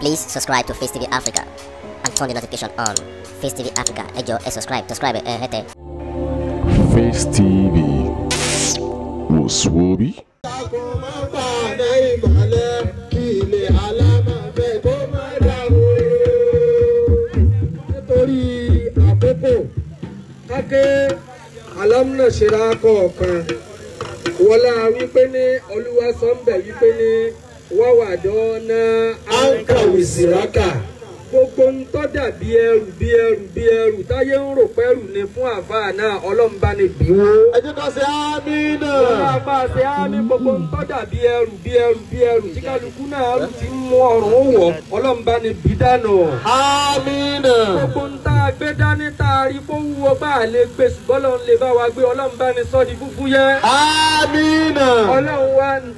Please subscribe to Face TV Africa and turn the notification on. Face TV Africa, ẹ jọ̀ọ́ subscribe, subscribe eh? hẹ́tẹ̀. Face TV wò sùn orí. ké alámúnàṣẹ́ra kọ̀ọ̀kan wọlá wípé ní olúwa sọ́ńbẹ̀ Wawa wawadaona anka wiziraka gbogbo ń tó dàbí ẹrù bí ẹrù bí ẹrù táyé ń rò pẹ́rù ni fún àfáà náà ọlọ́mùbá ni bíwó. ẹ jẹ́ ká ṣe ámì náà. wọ́n máa bá ṣe ámì gbogbo ń tó dàbí ẹrù bí ẹrù bí ẹrù tí kálukú náà rù ti ń mú ọrùn wọ̀ ọlọ́mùbá ni bí dànù. ámì náà. gbogbo ń tá a gbé dání tá a rí fún bá a lè gbé ṣùgbọ́n lọ́n lè bá wa gbé ọlọ́mùbá ni sọ́ di fúfú yẹn. ámì náà. ọlọ́run wa ń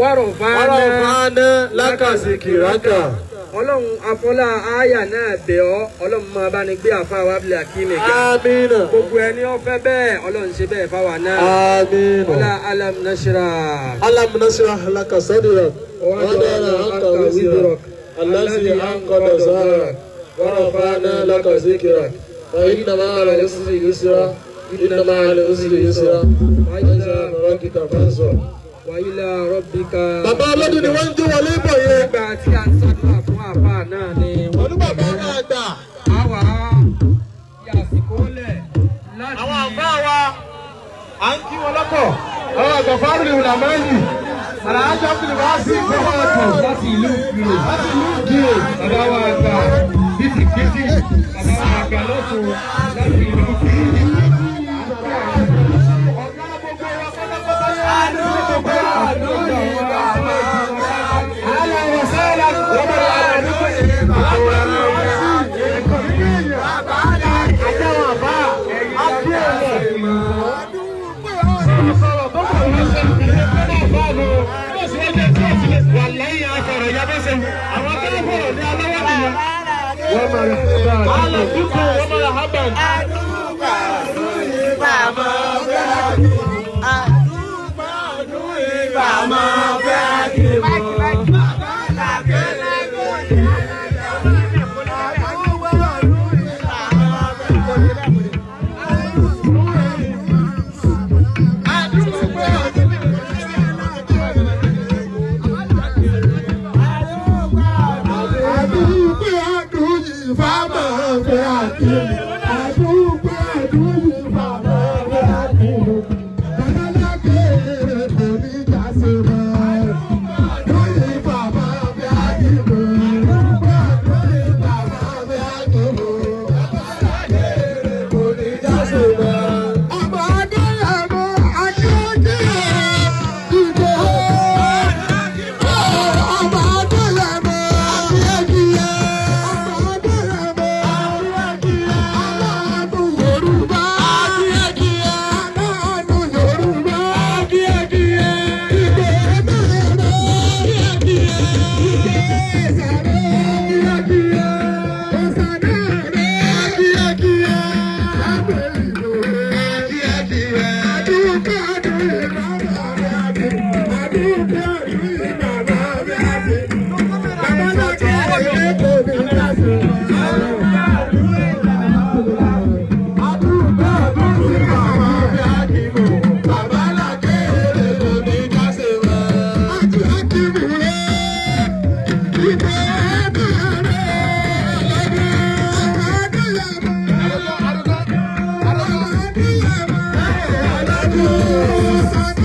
wàrọ̀fáàná lákàsìkìrákà. ọlọ́run afọlá àyà náà bẹ̀ ọ́ ọlọ́run máa bá ní gbé àfa wa bíi akíni ga. amina. gbogbo ẹni ọfẹ bẹ́ẹ̀ ọlọ́run ṣe bẹ́ẹ̀ fáwa náà. amina. ọlá alamunasira. alamunasira alakasadira. wàdàrà ankawidrọk. alasi ankọdọsara. wàrọ̀fáàná lákàsìkìrà. fàyínàmá alẹ́sìlì yusra. fàyínàmá alẹ́sìlì yusra. fàyínàmá alẹ́sìlì yusra bàbá ọlọ́dún ni wọ́n ń jó wọlé bọ̀ yẹn. nígbà tí a ń sọ́dúnrà fún àbá náà ni wọ́n ń bọ̀ náà gbà. àwa yàsìkò lẹ̀ láti. àwọn àgbà wa à ń kí wọn lọ́pọ̀ àwọn àgbàfáàrù ni wùdà mẹ́yìn àlàájá fìlì wá sí ìgbọ́wọ́ ọ̀tọ̀ láti ìlú ìlú láti ìlú ìdíyè bàbá wa àgbà bìtìbìtì bàbá wa àgbà lọ́sùn láti ìlú ìlú. ومرحبا بكم Yes.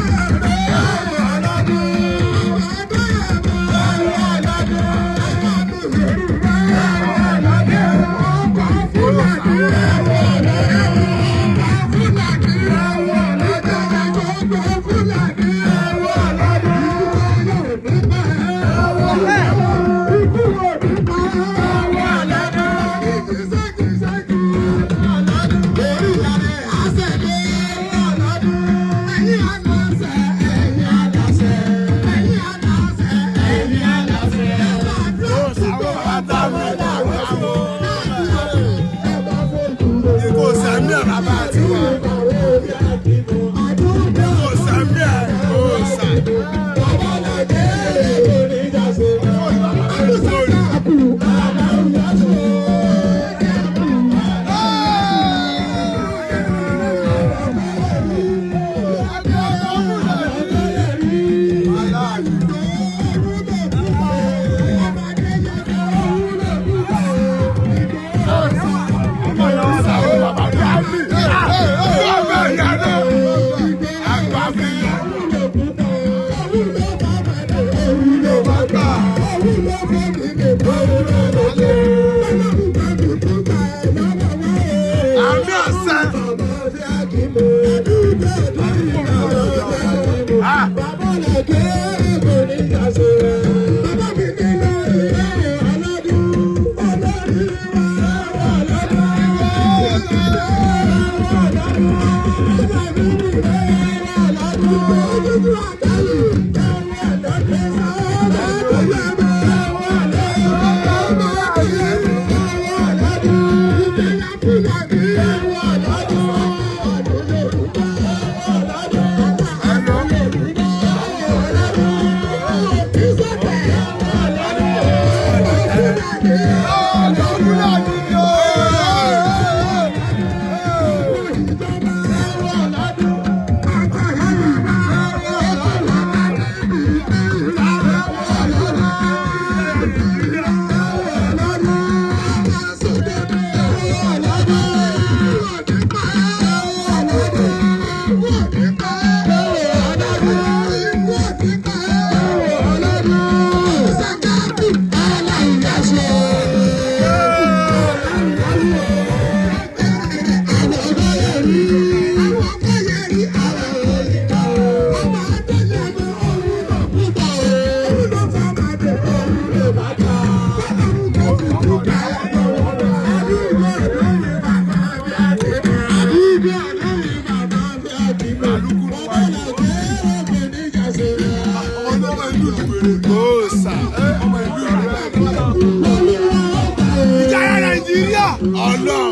Ọlọ́run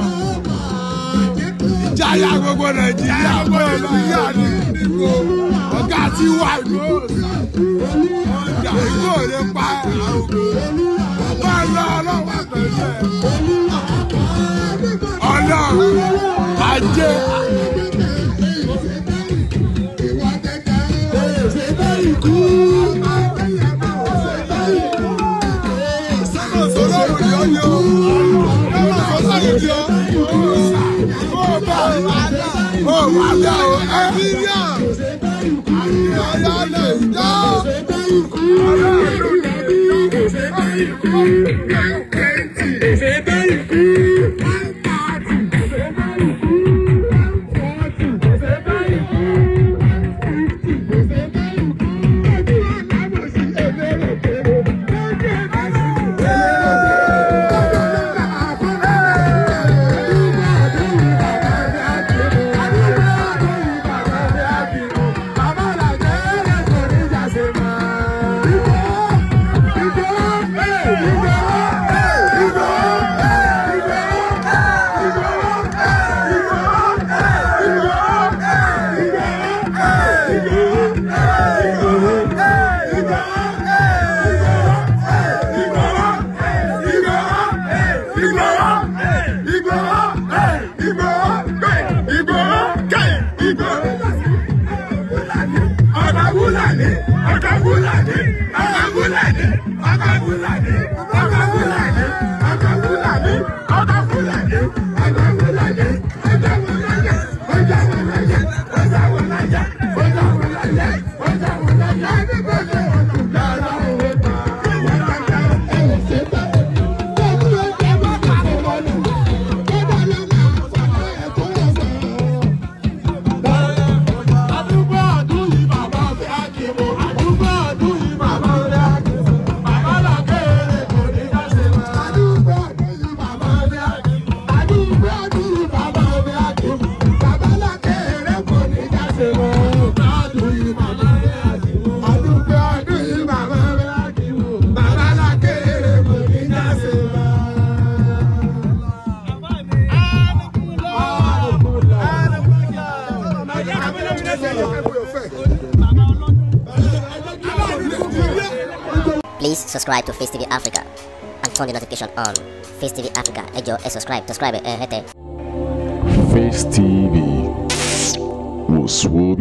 ìjáyà gbogbo Nàìjíríà gbogbo Nàìjíríà ní ìdìbò ọ̀gá tí wà ní ọjà ìgbò lè pa àwòkọ wọn lọ ọlọ́wọ́ pẹ̀lú ẹ̀ ajé. Let's go. Please subscribe to Face TV Africa and turn the notification on. Face TV Africa, ejo, e subscribe, subscribe, eh, hete. Face TV was